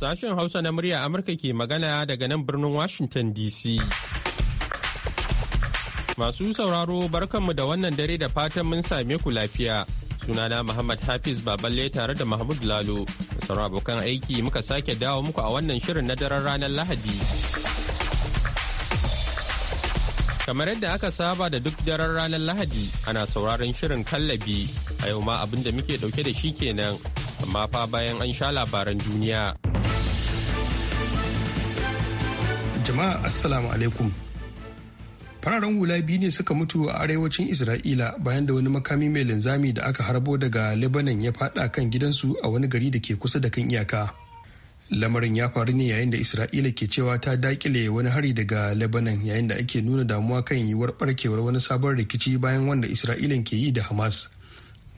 Sashen Hausa na murya Amurka ke magana daga nan birnin Washington DC. Masu sauraro barkanmu da wannan dare da fatan mun same ku lafiya. Sunana Muhammad Hafiz Baballe tare da Mahmud Lalo. Sauran abokan aiki muka sake dawo muku a wannan shirin na daren ranar Lahadi. Kamar yadda aka saba da duk daren ranar Lahadi ana sauraron shirin kallabi a yau ma abin da muke dauke da shi kenan amma fa bayan an sha labaran duniya. Jama'a Assalamu alaikum. Fararen hula biyu ne suka mutu a arewacin Isra'ila bayan da wani makami mai linzami da aka harbo daga Lebanon ya fada kan gidansu a wani gari da ke kusa da kan iyaka. Lamarin ya faru ne yayin da Isra'ila ke cewa ta dakile wani hari daga Lebanon yayin da ake nuna damuwa kan yiwuwar barkewar wani sabon rikici bayan wanda Isra'ila ke yi da Hamas.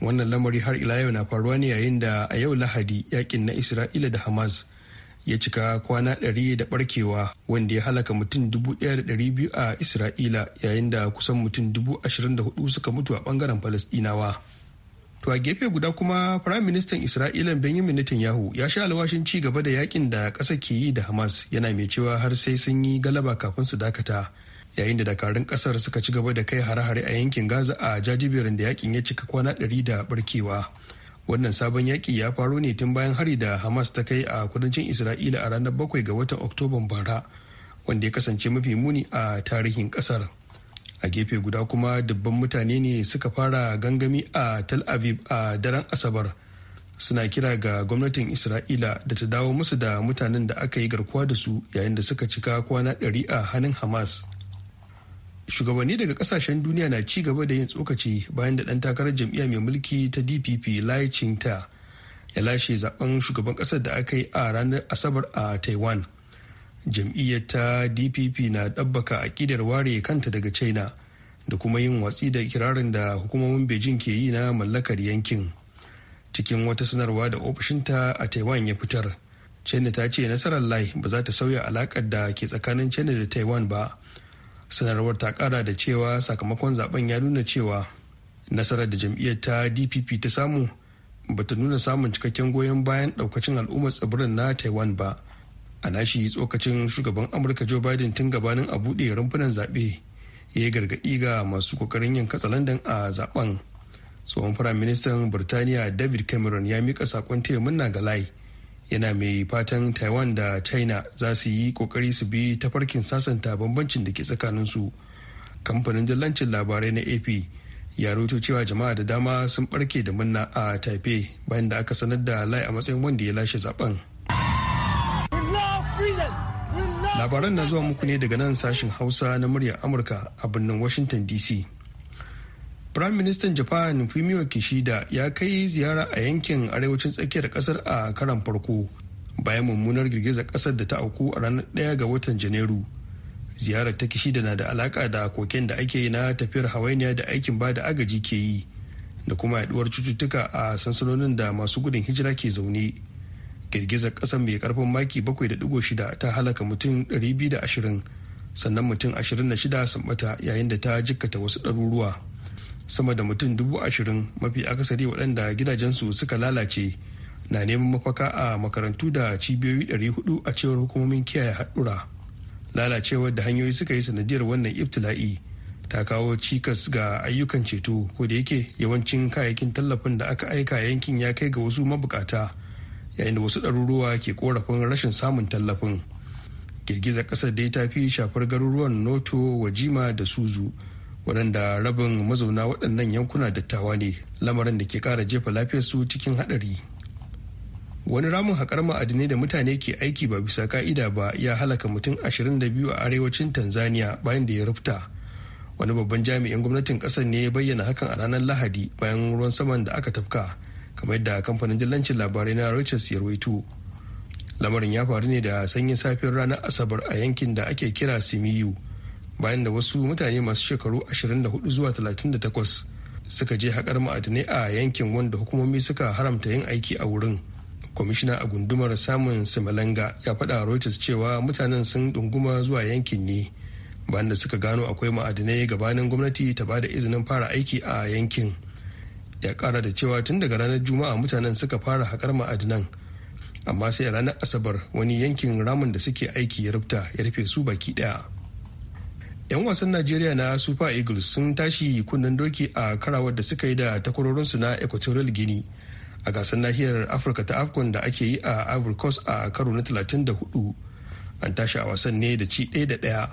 Wannan lamari har ila yau na faruwa ne yayin da a yau Lahadi yakin na Isra'ila da Hamas ya cika kwana ɗari da barkewa wanda ya halaka mutum dubu da biyu a isra'ila yayin da kusan mutum dubu ashirin da hudu suka mutu a bangaren palestinawa. to a gefe guda kuma prime minister isra'ila benjamin netanyahu ya sha alwashin ci gaba da yakin da ƙasa ke yi da hamas yana mai cewa har sai sun yi galaba kafin su dakata yayin da dakarun kasar suka ci gaba da kai hare-hare a yankin gaza a jajiberin da yakin ya cika kwana ɗari da barkewa wannan sabon yaƙi ya faru ne tun bayan hari da hamas ta kai a kudancin isra'ila a ranar 7 ga watan oktoban bara wanda ya kasance mafi muni a tarihin ƙasar a gefe guda kuma dubban mutane ne suka fara gangami a tel aviv a daren asabar suna kira ga gwamnatin isra'ila da ta dawo musu da mutanen da aka yi garkuwa da su yayin da suka cika kwana 100 a hannun hamas shugabanni daga kasashen duniya na ci gaba da yin tsokaci bayan da ɗan takarar jam'iyya mai mulki ta dpp lai ta ya lashe zaben shugaban kasar da aka yi a ranar asabar a taiwan jam'iyyar ta dpp na ɗabbaka aƙidar ware kanta daga china da kuma yin watsi da kirarin da hukumomin beijing ke yi na mallakar yankin cikin wata sanarwa da ofishinta a taiwan ya fitar china ta ce nasarar lai ba za ta sauya alakar da ke tsakanin china da taiwan ba sanarwar ta kara da cewa sakamakon zaben ya nuna cewa nasarar da jam'iyyar ta dpp ta samu ba ta nuna samun cikakken goyon bayan daukacin al'ummar tsibirin na taiwan ba a nashi tsokacin shugaban amurka joe biden tun gabanin a buɗe rumfunan zaɓe ya yi gargaɗi ga masu kokarin yin katsa katsalandan a zaben tsohon firaministan birtaniya david cameron ya mika sakon taya ga lai yana mai fatan taiwan da china za su yi kokari su bi tafarkin sasanta bambancin da ke tsakaninsu kamfanin jallancin labarai na ap ya rubuto cewa jama'a da dama sun barke da manna a taipei bayan da aka sanar da lai a matsayin wanda ya lashe zaben labaran na zuwa muku ne daga nan sashen hausa na muryar amurka a birnin washington dc Prime Minister Japan Fumio Kishida ya kai ziyara a yankin arewacin tsakiyar kasar a karan farko bayan mummunar girgizar kasar da ta auku a ranar ɗaya ga watan Janairu. Ziyarar ta Kishida na da alaka da koken da ake yi na tafiyar hawainiya da aikin ba da agaji ke yi da kuma yaduwar cututtuka a sansanonin da masu gudun hijira ke zaune. Girgizar kasar mai karfin maki bakwai da 7.6 ta halaka mutum biyu da 220 sannan mutum ashirin da shida sun bata yayin da ta jikkata wasu ɗaruruwa. sama da mutum dubu ashirin mafi akasari waɗanda gidajensu suka lalace na neman mafaka a makarantu da cibiyoyi ɗari hudu a cewar hukumomin kiyaye haɗura lalacewar da hanyoyi suka yi sanadiyar wannan ibtila'i ta kawo cikas ga ayyukan ceto ko da yake yawancin kayayyakin tallafin da aka aika yankin ya kai ga wasu mabukata yayin da wasu ɗaruruwa ke korafin rashin samun tallafin girgizar ƙasar da ta fi shafar garuruwan noto wajima da suzu waɗanda rabin mazauna waɗannan yankuna dattawa ne lamarin da ke kara jefa lafiyarsu cikin haɗari wani ramin haƙar ma'adinai da mutane ke aiki ba bisa ka'ida ba ya halaka mutum 22 a arewacin tanzania bayan da ya rufta wani babban jami'in gwamnatin ƙasar ne ya bayyana hakan a ranar lahadi bayan ruwan saman da aka tafka kamar yadda kamfanin dillancin labarai na reuters ya rawaito lamarin ya faru ne da sanyin safiyar ranar asabar a yankin da ake kira simiyu bayan da wasu mutane masu shekaru 24 zuwa 38 suka je haƙar ma'adinai a yankin wanda hukumomi suka haramta yin aiki a wurin kwamishina a gundumar samun similanga ya faɗa reuters cewa mutanen sun ɗunguma zuwa yankin ne bayan da suka gano akwai ma'adinai gabanin gwamnati ta ba da izinin fara aiki a yankin ya ƙara da cewa tun daga ranar juma'a mutanen suka fara haƙar ma'adinan amma sai ranar asabar wani yankin ramin da suke aiki ya rufta ya rufe su baki ɗaya 'yan wasan najeriya na super eagles sun tashi kunnen doki a karawar da suka yi da takwarorinsu na equatorial guinea a gasar nahiyar afirka ta afcon da ake yi a ivory coast a karo na 34 an tashi a wasan ne da ci ɗaya da ɗaya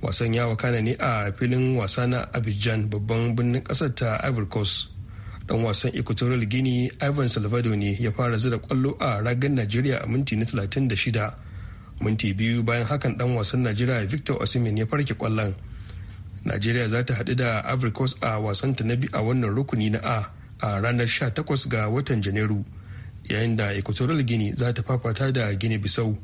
wasan ya wakana ne a filin wasa na abidjan babban birnin kasar ta ivory coast dan wasan equatorial guinea ivan salvador ne ya fara zira kwallo a ragar najeriya a minti na 36 minti biyu bayan hakan dan wasan najeriya victor osimhen ya farke kwallon najeriya za ta haɗu da africos a wasanta na bi a wannan rukuni na a a ranar 18 ga watan janairu yayin da equatorial gini za ta fafata da guinea bissau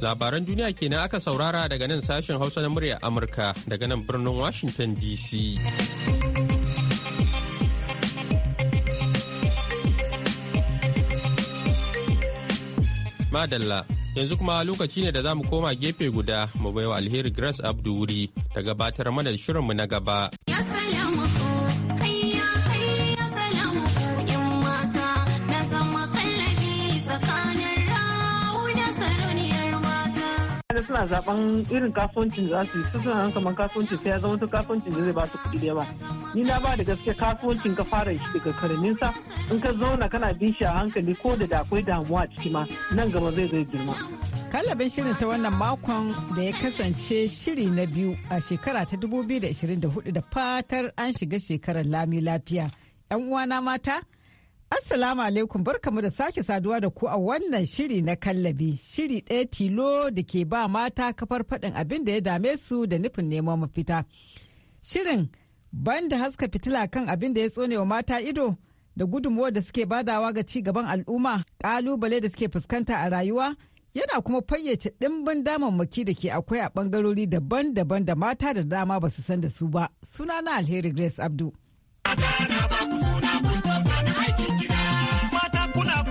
labaran duniya kenan aka saurara daga nan sashen hausa na murya amurka daga nan birnin washington dc Madalla, yanzu kuma lokaci ne da za mu koma gefe guda mu baiwa alheri Grace Abdu wuri ta gabatar mana shirinmu na gaba. suna zaben irin kasuwancin da za su yi su suna kamar kasuwancin sai ya zama wata kasuwancin da zai ba su kuɗi da yawa ni na ba da gaske kasuwancin ka fara shi daga karamin sa in ka zauna kana bin shi a hankali ko da da akwai damuwa ciki ma nan gaba zai zai girma kallabin shirin ta wannan makon da ya kasance shiri na biyu a shekara ta 2024 da fatar an shiga shekarar lami lafiya 'yan uwana mata Assalamu alaikum barkamu da sake saduwa da ku a wannan shiri na kallabi shiri ɗaya tilo da ke ba mata kafar faɗin abin da ya dame su da nufin neman mafita. Shirin banda haska fitila kan abin da ya tsone wa mata ido da gudunmuwa da suke badawa ga ci gaban al'umma ƙalubale da suke fuskanta a rayuwa yana kuma fayyace ɗimbin damammaki da ke akwai a ɓangarori daban-daban da mata da dama ba su san da su ba. Sunana Alheri Grace Abdu.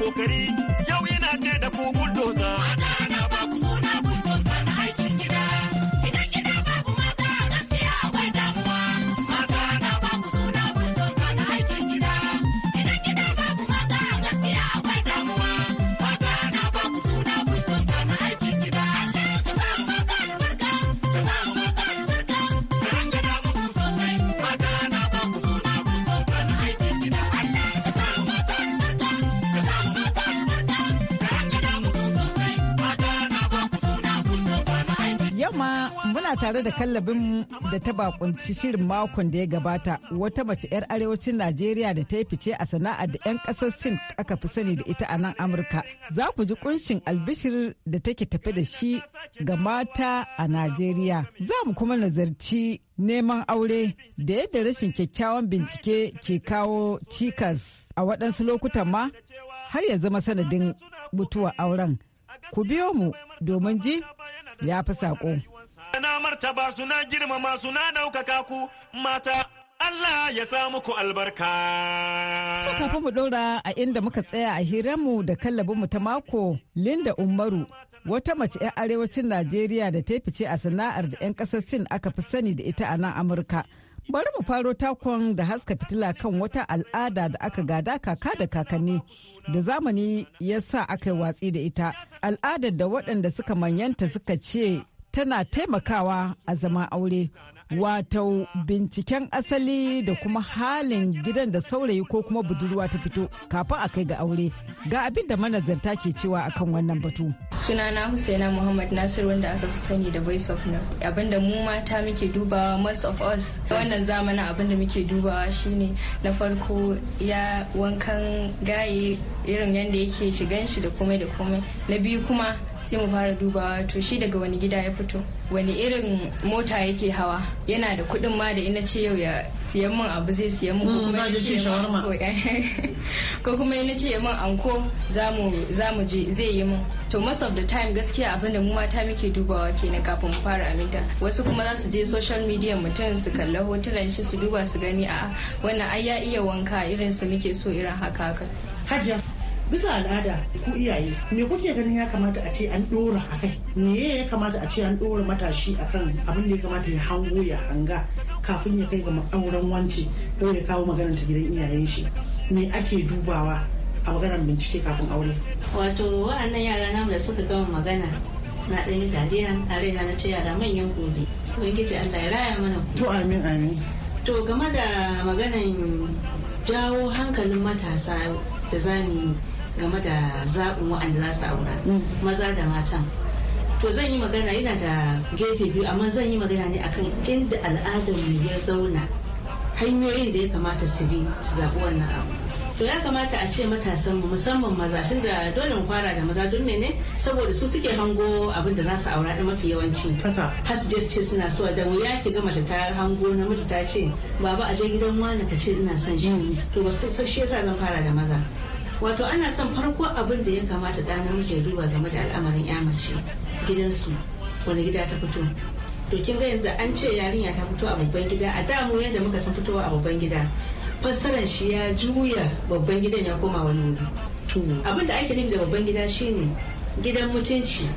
kokari Muna tare da kallabin da ta bakunci shirin makon da ya gabata wata mace 'yar arewacin Najeriya da ta yi fice a sana'ar da 'yan ƙasar Sin aka fi sani da ita a nan Amurka. Za ku ji kunshin albishir da take tafi da shi ga mata a Najeriya. Za mu kuma nazarci neman aure da yadda rashin kyakkyawan bincike ke kawo cikas a waɗansu lokutan ma har ya zama sanadin mutuwar auren. Ku biyo mu domin ji ya fi saƙo. martaba su na girmama su na ɗaukaka ku mata. Allah ya sa muku albarka. To kafin mu ɗora a inda muka tsaya a hiranmu da kallabinmu ta mako Linda Umaru wata mace 'yan arewacin Najeriya da ta fice a sana'ar da 'yan ƙasar Sin aka fi sani da ita a nan Amurka. Bari mu faro takon da haska fitila kan wata al'ada da aka gada kaka da kakanni da zamani ya sa aka yi watsi da ita. Al'adar da waɗanda suka manyanta suka ce tana taimakawa a zama aure wato binciken asali da kuma halin gidan da saurayi ko kuma budurwa ta fito kafin a kai ga aure ga abin da manazarta ke cewa akan wannan batu sunana husaina muhammad nasir wanda aka fi sani da voice of abin abinda mu mata muke dubawa most of us wannan zamanin da muke dubawa shine na farko ya wankan gaye irin yadda yake shigan shi da komai da komai na biyu kuma sai mu fara dubawa to shi daga wani gida ya fito wani irin mota yake hawa yana da kuɗin ma da ina ce yau ya siyan min abu zai siyan mu mm, ko kuma ina ce min anko je zai yi min to most of the time gaskiya abin da mu mata muke dubawa kenan kafin mu fara aminta wasu kuma za su je social media mutum su kalla hotunan shi su duba su gani a wannan ai iya wanka irin su muke so irin haka haka bisa al'ada ku iyaye me kuke ganin ya kamata a ce an dora a kai me ya kamata a ce an dora matashi a kan abin da ya kamata ya hango ya hanga kafin ya kai ga ma'auran wance ko ya kawo maganar ta gidan iyayen shi me ake dubawa a maganar bincike kafin aure wato wa'annan yara namu da suka gama magana na ɗanyi dariya a raina na ce yara manyan gobe ce allah ya raya mana to amin amin to game da maganan jawo hankalin matasa da zamu yi game da zaɓin waɗanda za su aura mm. maza da matan to zan yi magana yana da gefe biyu amma zan yi magana ne akan inda mu ya zauna hanyoyin da ya kamata su bi su zaɓi wannan abu to ya kamata a ce matasan musamman maza tun da dole mu fara da maza don ne saboda su suke hango abin da za su aura da mafi yawanci su ce suna so da ya ki ga mace ta hango namiji ta ce baba a je gidan wani ka ce ina son shi mm. to ba sai shi yasa zan fara da maza wato ana son farko abin da ya kamata da namijin duba game da al'amarin ya mace gidansu wani gida ta fito to kin ga yanzu an ce yarinya ta fito a babban gida a da mu yadda muka san fitowa a babban gida fassarar shi ya juya babban gidan ya koma wani wuri abin da ake nufi da babban gida shine gidan mutunci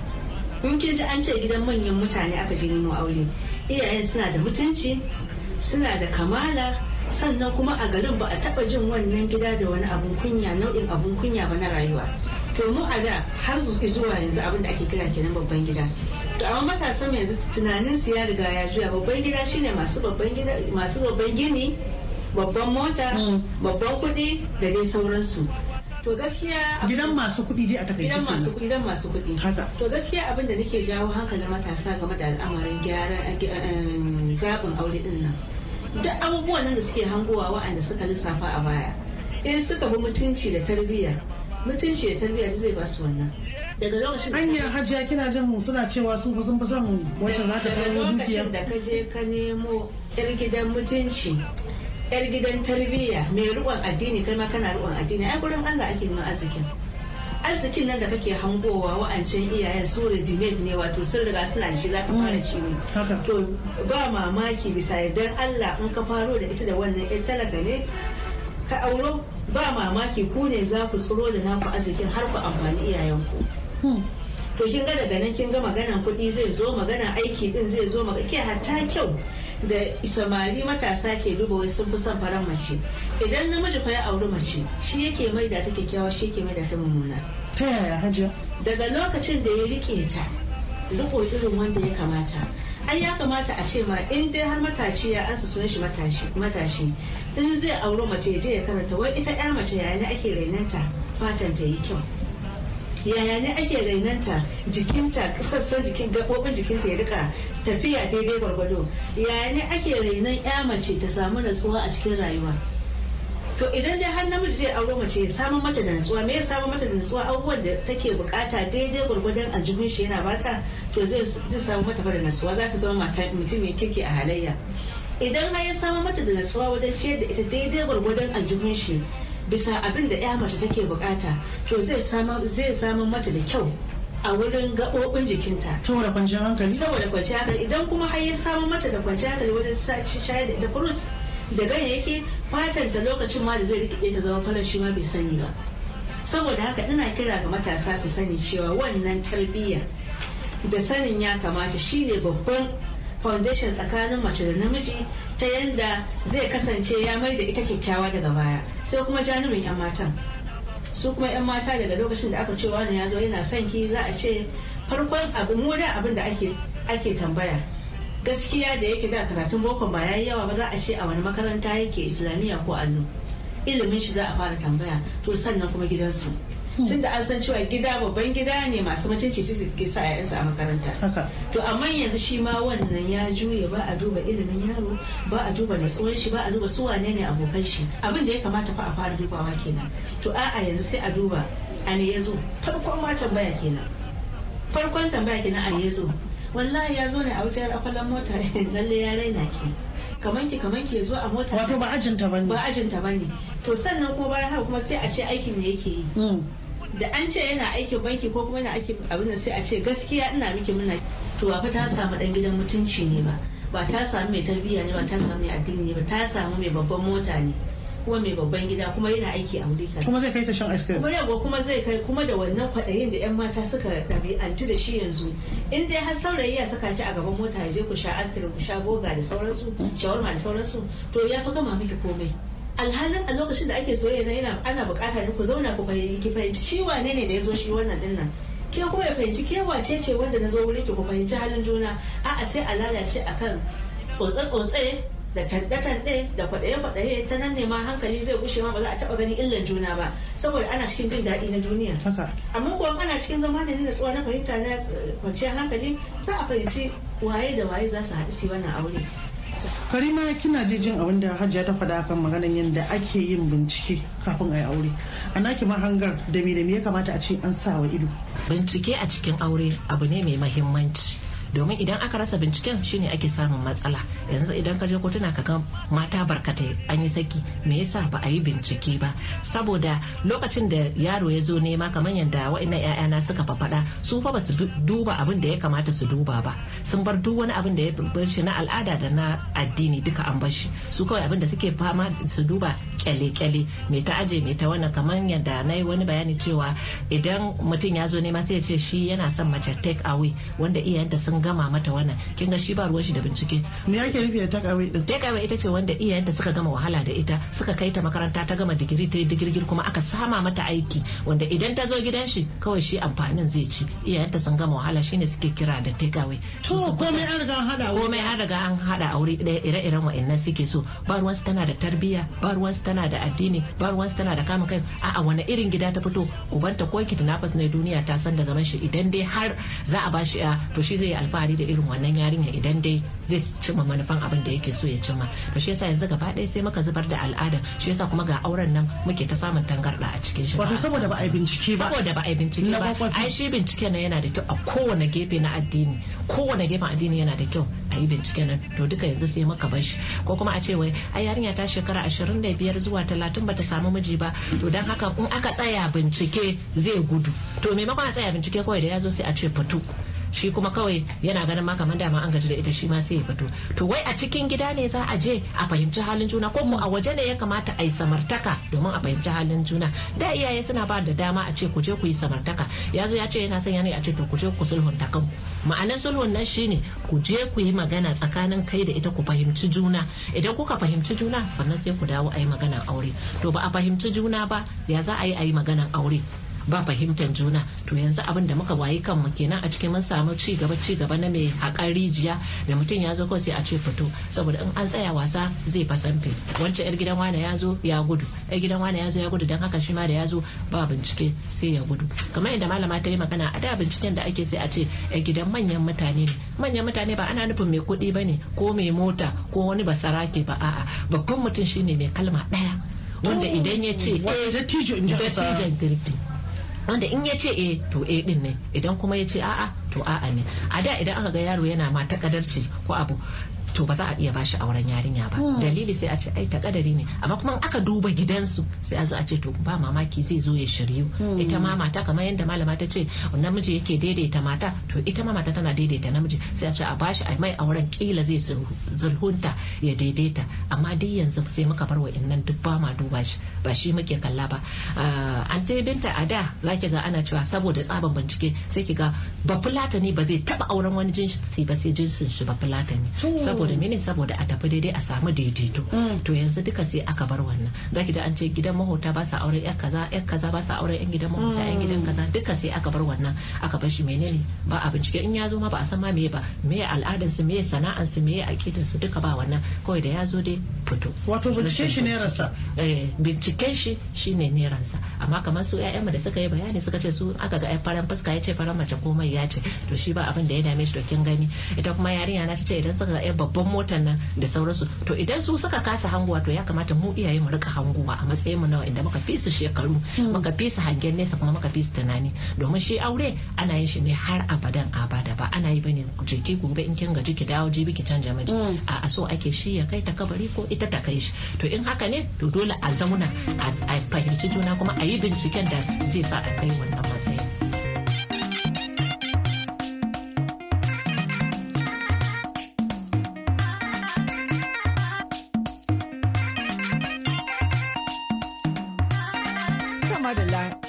in kin ji an ce gidan manyan mutane aka je nemo aure iyayen suna da mutunci suna da kamala sannan kuma a garin ba a taba jin wannan gida da wani abun kunya nau'in abun kunya ba na rayuwa to mu a da har zuwa yanzu abin da ake kira kenan babban gida to amma matasan mai yanzu tunanin su ya riga ya juya babban gida shine masu babban gida masu babban gini babban mota hmm. babban kuɗi da dai sauransu to gaskiya gidan masu kuɗi dai a takaice gidan masu kudi gidan masu kuɗi haka to gaskiya abin da nake jawo hankalin matasa game da al'amarin gyara eh, zabin aure din nan duk abubuwan nan da suke hangowa waɗanda suka lissafa a baya in suka bi mutunci da tarbiyya mutunci da tarbiyya zai basu su wannan daga lokacin hanyar hajiya kina jin mu suna cewa su ba sun fi son wacce za ta kawo dukiya da ka je ka nemo yar gidan mutunci yar gidan tarbiyya mai ruwan addini kai ma kana ruwan addini ai gurin Allah ake neman arzikin arzikin nan da kake hangowa wa'ancan iyayen su redimed ne wato sun riga suna da shi za ka fara ci mm, to ba mamaki bisa yadda allah in ka faro da ita da wannan yan talaka ne ka auro ba mamaki ku ne za ku tsiro da naku arzikin har ku amfani iyayen ku. Hmm. to kin ga daga nan kin ga maganan kuɗi zai zo maganan aiki din zai zo maka ke hatta kyau da samari matasa ke duba wai sun fi son faran mace idan namiji fa ya auri mace shi yake mai da ta kyakkyawa shi yake mai da ta mummuna ta yaya hajiya daga lokacin da ya rike ta riko irin wanda ya kamata ai ya kamata a ce ma in dai har matashi ya ansa sunan shi matashi in zai auri mace ya je ya karanta wai ita yar mace yaya ne ake rainanta fatan ta yi kyau yaya ne ake rainanta jikinta sassan jikin gabobin jikinta ya rika tafiya daidai gwargwado yaya ne ake renon ya mace ta samu natsuwa a cikin rayuwa to idan dai har namiji zai auro mace ya samu mata da natsuwa me ya samu mata da natsuwa abubuwan da take bukata daidai gwargwadon aljihun shi yana bata to zai samu mata da natsuwa za ta zama mata mutum mai kirki a halayya idan har ya samu mata da natsuwa wajen shi da ita daidai gwargwadon aljihun shi bisa abin da ya mace take bukata to zai samu mata da kyau a wurin gaɓoɓin jikinta. Saboda kwanciyar hankali? Saboda kwanciyar hankali idan kuma har ya samu mata da kwanciyar hankali wajen sace shayar da ita fruit da ganyayyaki fatan ta lokacin ma da zai rikide ta zama farar shi ma bai sani ba. Saboda haka ina kira ga matasa su sani cewa wannan tarbiyya da sanin ya kamata shine babban foundation tsakanin mace da namiji ta yanda zai kasance ya mai da ita kyakkyawa daga baya sai kuma janubin 'yan matan su kuma yan mata daga lokacin da aka ce wani ya zo yana son ki za a ce farkon abu mu da abin da ake tambaya gaskiya da yake da karatun boko ba yayi yawa ba za a ce a wani makaranta yake islamiyya ko allo ilimin shi za a fara tambaya to sannan kuma gidansu Hmm. tunda an san cewa gida babban gida ne masu mutunci su ke sa yayansu a makaranta to amma yanzu shi ma wannan ya juye ba a duba ilimin yaro ba a duba natsuwan shi ba a duba su wane ne abokan shi abin da ya kamata fa a fara dubawa kenan to a'a yanzu sai a duba a ne yazo zo farkon ma tambaya kenan farkon tambaya kenan a ne ya wallahi ya zo ne a wutar akwalan mota lalle ya raina ke. kaman ki kaman ki zo a mota wato ba ajinta bane ba ajinta bane to sannan ko bayan haka kuma sai a ce aikin da yake yi hmm. da an ce yana aikin banki ko kuma yana aikin abin da sai a ce gaskiya ina miki muna to ba ta samu dan gidan mutunci ne ba ba ta samu mai tarbiyya ne ba ta samu mai addini ne ba ta samu mai babban mota ne kuma mai babban gida kuma yana aiki a wuri kuma zai kai ta shan ice cream kuma yawa kuma zai kai kuma da wannan kwaɗayin da yan mata suka ɗabi'antu da shi yanzu in dai har saurayi ya saka ki a gaban mota ya je ku sha ice cream ku sha boga da sauransu shawarma da sauransu to ya fi gama miki komai alhalin a lokacin da ake soyayya na yana ana bukata ne ku zauna ku fahimci fahimci shi wane ne da ya zo shi wannan din nan ke kuma ya fahimci ke wace ce wanda na zo wurin ki ku fahimci halin juna a'a sai a lalace akan tsotse-tsotse da tanɗe-tanɗe da kwaɗaye-kwaɗaye ta nan ne ma hankali zai gushe ma ba za a taɓa ganin illan juna ba saboda ana cikin jin daɗi na duniya. Amma kuwa ana cikin zama da tsuwa na fahimta na eh, kwanciyar hankali za a fahimci waye da waye za su haɗu su yi wannan aure. karima kina je jin abin da hajiya ta faɗa kan maganar yadda ake yin bincike kafin a yi aure a naki mahangar da me da me ya kamata a ce an sa wa ido bincike a cikin aure abu ne mai mahimmanci domin idan aka rasa binciken shine ake samun matsala yanzu idan ka je kotuna ka ga mata barkatai an yi saki me yasa ba a yi bincike ba saboda lokacin da yaro ya zo nema kamar yadda wa'annan ƴaƴana suka faɗa su fa su duba abin da ya kamata su duba ba sun bar duk wani abin da ya bar shi na al'ada da na addini duka an bar shi su kawai abin da suke fama su duba kyale-kyale me ta aje me ta wannan kamar yadda na yi wani bayani cewa idan mutum ya zo nema sai ya ce shi yana son mace take away wanda iyayenta sun gama mata wannan kin ga shi ba ruwan shi da bincike me yake nufi da kawai din kawai ita ce wanda iyayenta suka gama wahala da ita suka kai ta makaranta ta gama digiri ta yi digirgir kuma aka sama mata aiki wanda idan ta zo gidan shi kawai shi amfanin zai ci iyayenta sun gama wahala shine suke kira da kawai to komai an riga an hada komai an riga an hada aure ɗaya ire-iren wa'annan suke so ba ruwan su tana da tarbiyya ba ruwan su tana da addini ba ruwan su tana da kama kai a'a wani irin gida ta fito ubanta ko kitnafas na duniya ta san da zaman shi idan dai har za a bashi ya to shi zai yi alfahari da irin wannan yarinya idan dai zai cimma manufan abin da yake so ya cimma to shi yasa yanzu gaba ɗaya sai muka zubar da al'ada shi yasa kuma ga auren nan muke ta samun tangarɗa a cikin shi wato saboda ba a bincike ba saboda ba a bincike ba ai shi bincike nan yana da kyau a kowane gefe na addini kowane gefen addini yana da kyau a yi bincike nan to duka yanzu sai muka bar shi ko kuma a ce wai ai yarinya ta shekara ashirin da biyar zuwa talatin bata samu miji ba to dan haka in aka tsaya bincike zai gudu to maimakon a tsaya bincike kawai da ya zo sai a ce fito shi kuma kawai yana ganin ma kamar dama an gaji da ita shi ma sai ya fito to wai a cikin gida ne za a je a fahimci halin juna ko mu a waje ne ya kamata a yi samartaka domin a fahimci halin juna da iyaye suna ba da dama a ce ku je ku yi samartaka ya zo ya ce yana son yana a ce to ku je ku sulhunta kanku ma'anar sulhun nan ne ku je ku yi magana tsakanin kai da ita ku fahimci juna idan kuka fahimci juna sannan sai ku dawo a yi maganar aure to ba a fahimci juna ba ya za a yi a yi maganar aure ba fahimtar juna to yanzu abin da muka wayi kanmu kenan a cikin mun samu ci gaba ci gaba na mai haƙar rijiya da mutum ya zo kawai sai a ce fito saboda in an tsaya wasa zai fasamfe wancan yar gidan wane ya zo ya gudu yar gidan wane ya zo ya gudu don haka shi ma da ya zo ba bincike sai ya gudu kamar yadda malama ta yi magana a da binciken da ake sai a ce yar gidan manyan mutane ne manyan mutane ba ana nufin mai kuɗi ba ne ko mai mota ko wani basarake ba a'a babban mutum shine mai kalma ɗaya wanda idan ya ce dattijon kirki wanda in ya ce e to e din ne idan kuma ya ce a'a to a'a ne a da idan aka ga yaro yana ma takadarci ko abu to ba za a iya ba shi auren yarinya ba hmm. dalili sai a ce ai takadari ne amma kuma aka duba gidansu sai a zo a ce to ba mamaki zai zo ya shiryu hmm. ita ma mata kamar yadda malama ta ce namiji yake daidaita mata to ita ma mata tana daidaita namiji sai a ce a bashi a mai auren kila zai zulhunta ya daidaita amma dai yanzu sai muka bar wa'annan duk ba ma duba shi ba shi muke kalla ba an ah, ce binta a da za ki ga ana cewa saboda tsaban bincike sai ki ga ba fulatani ba zai taba auren wani jinsi ba sai jinsin shi ba fulatani hmm. saboda mene saboda a tafi daidai a samu daidaito mm. to yanzu duka sai aka bar wannan zaki da an ce gidan mahota ba sa auren ƴan kaza ƴan kaza ba sa auren yan gidan mahota yan gidan mm. kaza duka sai aka bar wannan aka bar shi menene ba a bincike in ya zo ma ba a san ma meye ba meye al'adar su meye sana'ar su meye akidar su duka ba wannan kawai da ya zo dai fito wato bincike shi ne ransa eh bincike shi shine ne ransa amma kamar su mu da suka yi bayani suka ce su aka ga faran fuska ya ce faran mace komai ya ce to shi ba abin da ya dame shi to kin gani ita kuma yarinya na ta ce idan suka ga babban motar nan da sauransu to idan su suka kasa hanguwa to ya kamata mu iyaye mu rika hanguwa a matsayin mu nawa inda muka fi su shekaru hmm. muka fi su hangen nesa kuma muka fi su tunani domin shi aure ana yin shi ne har abadan abada ba ana yi bane jiki gobe in kin gaji ki dawo jibi ki canja miji hmm. a so ake shi ya kai ta kabari ko ita ta kai shi to in haka ne to dole a zauna a fahimci juna kuma a yi binciken da zai sa a kai wannan matsayin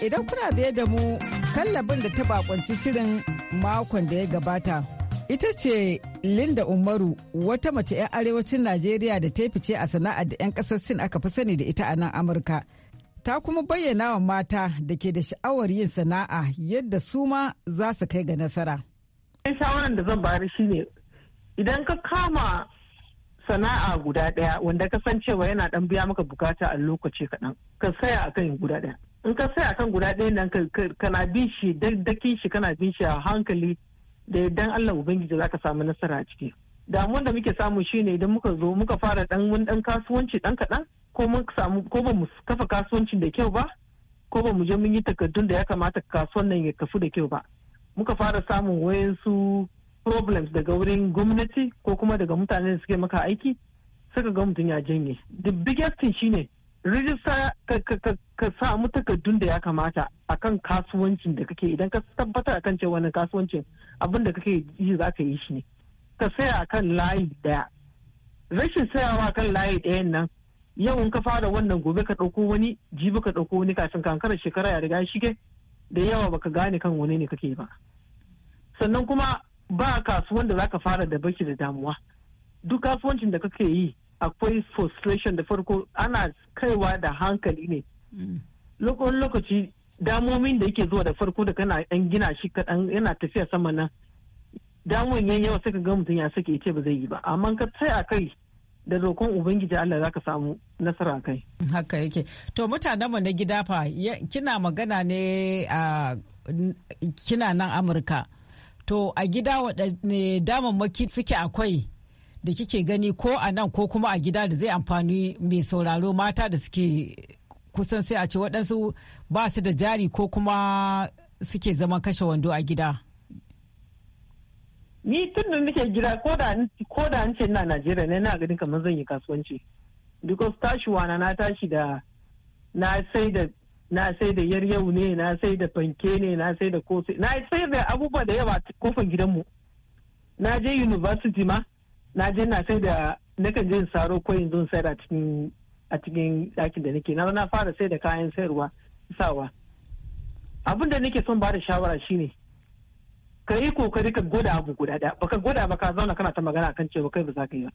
Idan kuna biye da mu kallabin da ta bakonci shirin makon da ya gabata. Ita ce Linda Umaru wata mace 'yan arewacin Najeriya da ta fice a sana'ar da 'yan ƙasar Sin aka fi sani da ita a nan Amurka. Ta kuma bayyana wa mata da ke da sha'awar yin sana'a yadda su ma za su kai ga nasara. shawaran da zan bari shine idan ka kama sana'a guda ɗaya wanda ka san cewa yana ɗan biya maka bukata a lokaci kaɗan ka saya a kan guda ɗaya in ka sai kan guda ɗaya nan kana bin shi daki shi kana bin shi a hankali da yardan Allah ubangiji ka samu nasara a ciki damuwar da muke samu shine idan muka zo muka fara ɗan wani dan kasuwanci dan kaɗan ko mun samu ko ba mu kafa kasuwancin da kyau ba ko ba mu je mun yi takardun da ya kamata kasuwan nan ya kafu da kyau ba muka fara samun wayansu problems daga wurin gwamnati ko kuma daga mutanen da suke maka aiki suka ga mutum ya janye the biggest thing shine rijista ka samu takardun da ya kamata akan kasuwancin da kake idan ka tabbatar akan cewa wannan kasuwancin abin da kake yi za ka yi shi ne ka saya kan layi daya rashin sayawa kan layi dayan nan yau in ka fara wannan gobe ka ɗauko wani jibi ka ɗauko wani kafin kankarar shekara ya riga shige da yawa baka gane kan wani ne kake ba sannan kuma ba kasuwan da zaka fara da baki da damuwa duk kasuwancin da kake yi akwai frustration da farko ana kaiwa da hankali ne mm. lokacin lokaci damomin da yake zuwa da farko da kana yan gina shi kaɗan yana tafiya sama na damuwan yan yawa saka ga mutum ya sake ce ba zai yi ba amma ka akai kai da roƙon ubangiji Allah za ka samu nasara kai haka yake to mu na gida fa kina magana ne a kina nan amurka to a gida waɗanne damammaki suke akwai da kike gani ko a nan ko kuma a gida da zai amfani mai sauraro mata da suke kusan sai a ce waɗansu ba su da jari ko kuma suke zaman kashe wando a gida? Ni tun da nake gida ko da an ce na Najeriya ne na ganin kamar zan yi kasuwanci. Because tashi na na tashi da na sai da na sai da yaryau ne na sai da fanke ne na sai da kose na sai da abubuwa da yawa kofar gidanmu na je university ma na je na sai da nakan je saro ko yanzu sayar da cikin a cikin ɗakin da nake na na fara sai da kayan sayarwa sawa abin da nake son bada shawara shine ka yi kokari ka gwada abu guda ɗaya baka gwada ba ka zauna kana ta magana kan cewa kai ba za ka yi ba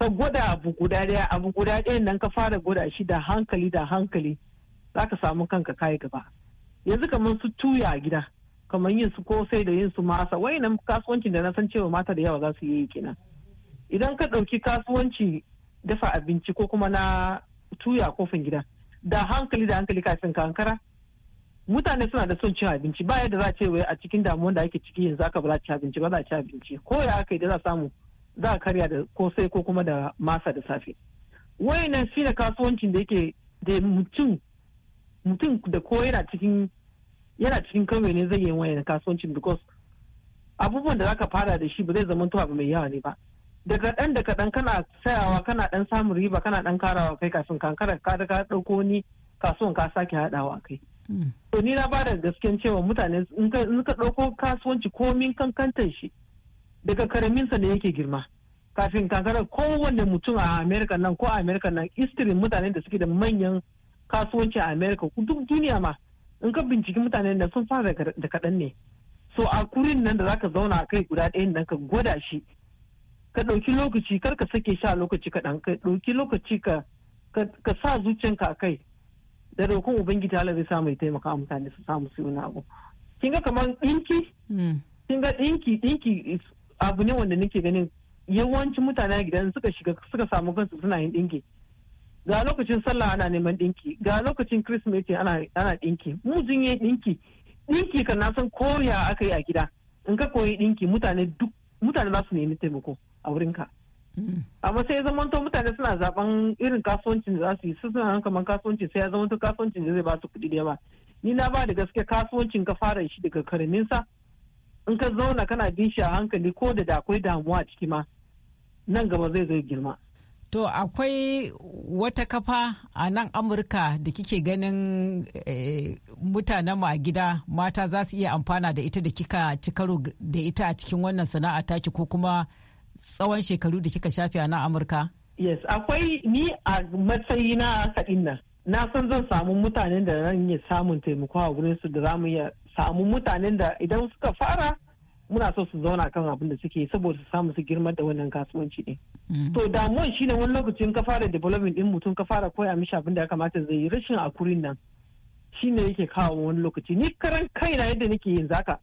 ka gwada abu guda ɗaya abu guda daya nan ka fara gwada shi da hankali da hankali za ka samu kanka kayi gaba yanzu kamar su tuya a gida kamar yin su ko sai da yin su masa wayannan kasuwancin da na san cewa mata da yawa za su yi kenan idan ka ɗauki kasuwanci dafa abinci ko kuma na tuya kofin gida da hankali da hankali kafin kankara mutane suna da son cin abinci ba yadda za a ce wai a cikin damuwar da ake ciki yanzu aka ba za ci abinci ba za ci abinci ko ya aka yi da za samu za a karya da kosai ko kuma da masa da safe wayannan shi da kasuwancin da yake da mutum mutum da ko yana cikin yana cikin kawai ne zai yi wayannan kasuwancin because abubuwan da zaka fara da shi ba zai zama abu mai yawa ne ba da kaɗan da kaɗan kana sayawa kana ɗan samun riba kana ɗan karawa kai kafin kankara ka ka ɗauko ni kasuwan ka sake haɗawa kai. Hmm. To ni na ba da cewa mutane in ka ɗauko kasuwanci komin kankantar shi daga karaminsa ne yake girma. Kafin kankara kowane mutum a Amerika nan ko a Amerika nan istirin mutane da suke da manyan kasuwanci a Amerika duk duniya ma in ka binciki mutane da sun fara da kaɗan ne. So a kurin nan da zaka zauna a kai guda ɗayan nan ka gwada shi ka ɗauki lokaci kar ka sake sha lokaci kaɗan ka ɗauki lokaci ka ka sa zuciyanka a kai da roƙon ubangiji Allah zai samu ya taimaka mutane su samu su wani abu kin ga kamar ɗinki hmm. kin ga ɗinki ɗinki abu ne wanda nake ganin yawancin mutane a gidan suka shiga suka samu kansu suna yin ɗinki ga lokacin sallah ana neman ɗinki ga lokacin kirsimeti ana ana ɗinki mu sun yi ɗinki ɗinki kan na san koriya aka yi a gida in ka koyi ɗinki mutane duk mutane za su nemi taimako a wurinka mm. amma sai ya zamanto mutane suna zaban irin kasuwancin da za su yi su suna kamar kasuwanci sai ya to kasuwancin da zai ba su kuɗi da yawa ni na ba da gaske kasuwancin ka fara shi daga sa in ka zauna kana bin shi a hankali ko da da akwai damuwa a ciki ma nan gaba zai zai girma To akwai wata kafa a nan Amurka da kike ganin mutane eh, mutanenmu a gida mata za su iya amfana da ita da kika ci karo da ita a cikin wannan sana'a taki ko kuma tsawon shekaru da kika shafi a Amurka? Yes, akwai ni a matsayi na kaɗin nan. Na san zan samu mutanen da zan iya samun taimako a gurin su da za mu iya samu mutanen da idan suka fara muna so su zauna kan abin da suke saboda su samu su girma da wannan kasuwanci ne. Mm. To damuwan shine wani lokacin ka fara development din mutum ka fara koya mishi abin da ya kamata zai yi rashin a kurin nan. shine yake kawo wani lokaci ni karan kaina yadda nake yin zaka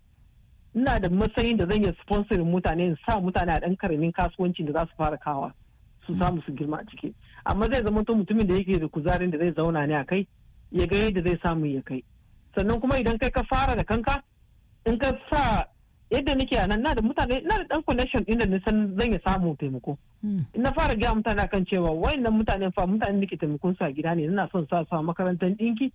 ina da matsayin da zan yi sponsorin mutane in sa mutane a ɗan karamin kasuwanci da za su fara kawa su mm. samu su girma a ciki amma zai zama to mutumin da yake da kuzarin da zai zauna ne a kai ya ga yadda zai samu ya kai sannan kuma idan kai ka fara da kanka in ka sa yadda nake a nan na da mutane na da dan connection din da na san zan ya samu taimako mm. in na fara gaya mutane akan cewa wayannan mutane fa mutane nake taimakon su a gida ne ina son sa su a makarantar dinki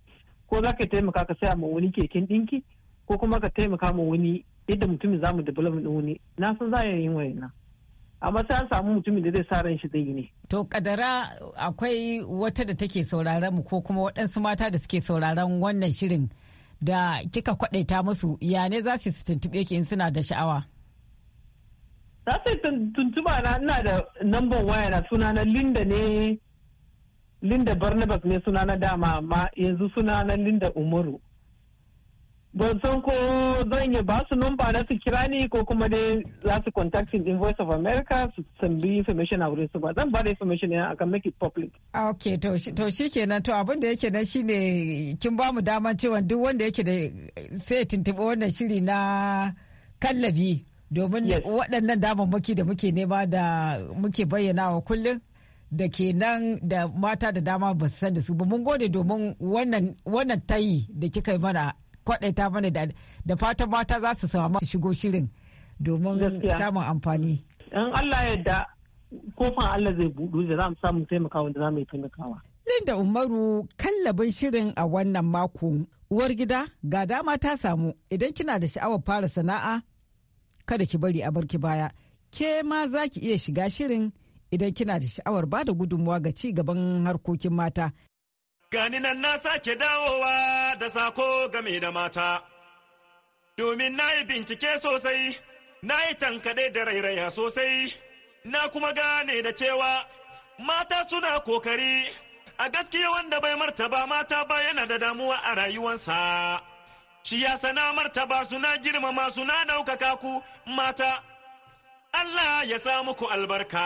ko za ka taimaka ka saya ma wani keken dinki ko kuma ka taimaka ma wani yadda mutumin za mu development din wani na san za yin wayannan amma sai an samu mutumin da zai sa ran shi zai yi ne. To kadara akwai wata da take sauraron mu ko kuma waɗansu mata da suke sauraron wannan shirin da kika kwaɗaita musu ya ne za su tuntuɓe ki in suna da sha'awa. Za su tuntuɓa na ina da number waya na suna Linda ne Linda Barnabas ne suna na dama amma yanzu suna Linda Umaru. ban san ko zan yi ba su numba na su kira ni ko kuma dai za su contact in voice of america su tambayi information a wurin su ba zan ba da information yana akan make it public ah, ok to shi kenan to abin da yake nan shine kin ba mu daman cewa duk wanda yake da sai tuntuɓi wannan shiri na kallabi domin waɗannan damammaki da muke nema da muke bayyana wa kullum da ke nan da mata da dama ba su san da su ba mun gode domin wannan tayi da kika yi mana ta mana da fatan mata za su samu su shigo shirin domin samun amfani. In Allah da kofin Allah zai buɗu da za mu samu taimakawa wanda za mu yi taimakawa. da Umaru kallabin shirin a wannan mako. Uwar gida ga dama ta samu idan kina da sha'awar fara sana'a kada ki bari a barki baya. Ke ma za ki iya shiga shirin idan kina da sha'awar ba da gudunmuwa ga ci gaban harkokin mata gani nan na sake dawowa da sako game da mata. Domin na yi bincike sosai, na yi tankaɗe da rairaya sosai, na kuma gane da cewa mata suna kokari, a gaskiya wanda bai martaba mata ba yana da damuwa a rayuwansa. Shi ya sana martaba suna girmama suna ɗaukaka ku mata, Allah ya sa muku albarka.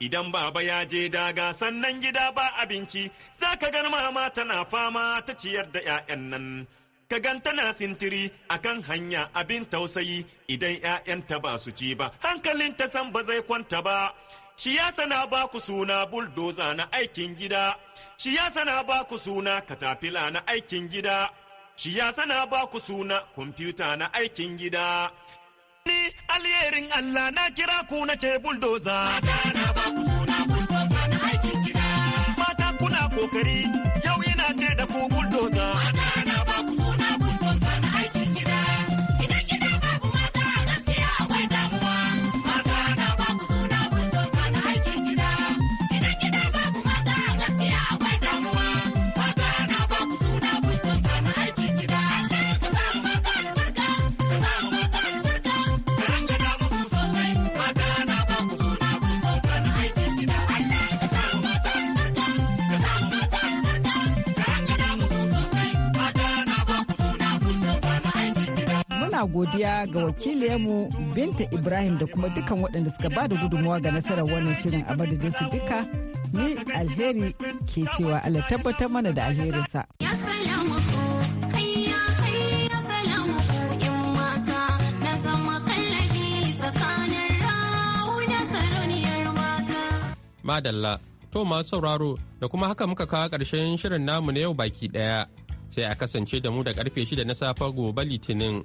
Idan baba ya je daga sannan gida ba abinci, za ka gan mama tana fama ta ciyar da 'ya'yan nan. Ka gan tana sintiri a kan hanya abin tausayi idan 'ya'yanta ba su ci ba, hankalin ta san ba zai kwanta ba. Shi ya sana ba ku suna buldoza na aikin gida, shi ya sana ba ku suna katafila na aikin gida, shi ya sana ba ku suna kwamfuta na aikin gida. Ni alherin Allah na kira ku na ce buldoza. godiya ga wakiliyarmu Binta Ibrahim da kuma dukan waɗanda suka ba da gudunmawa ga nasarar wannan shirin a madadin su duka ni alheri ke cewa Allah tabbatar mana da alherinsa. Madalla, to masu sauraro da kuma haka muka kawo karshen shirin namu na yau baki ɗaya. sai a kasance da mu da karfe shida na safe gobe litinin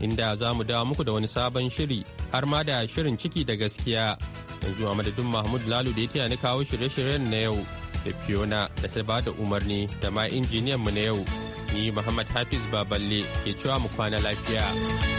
inda za mu dawo muku da wani sabon shiri har ma da shirin ciki da gaskiya yanzu a madadin mahmud lalu da ya taya ni kawo shirye-shiryen na yau da fiona da ta bada umarni da ma injiniyan mu na yau ni muhammad hafiz baballe ke cewa mu kwana lafiya.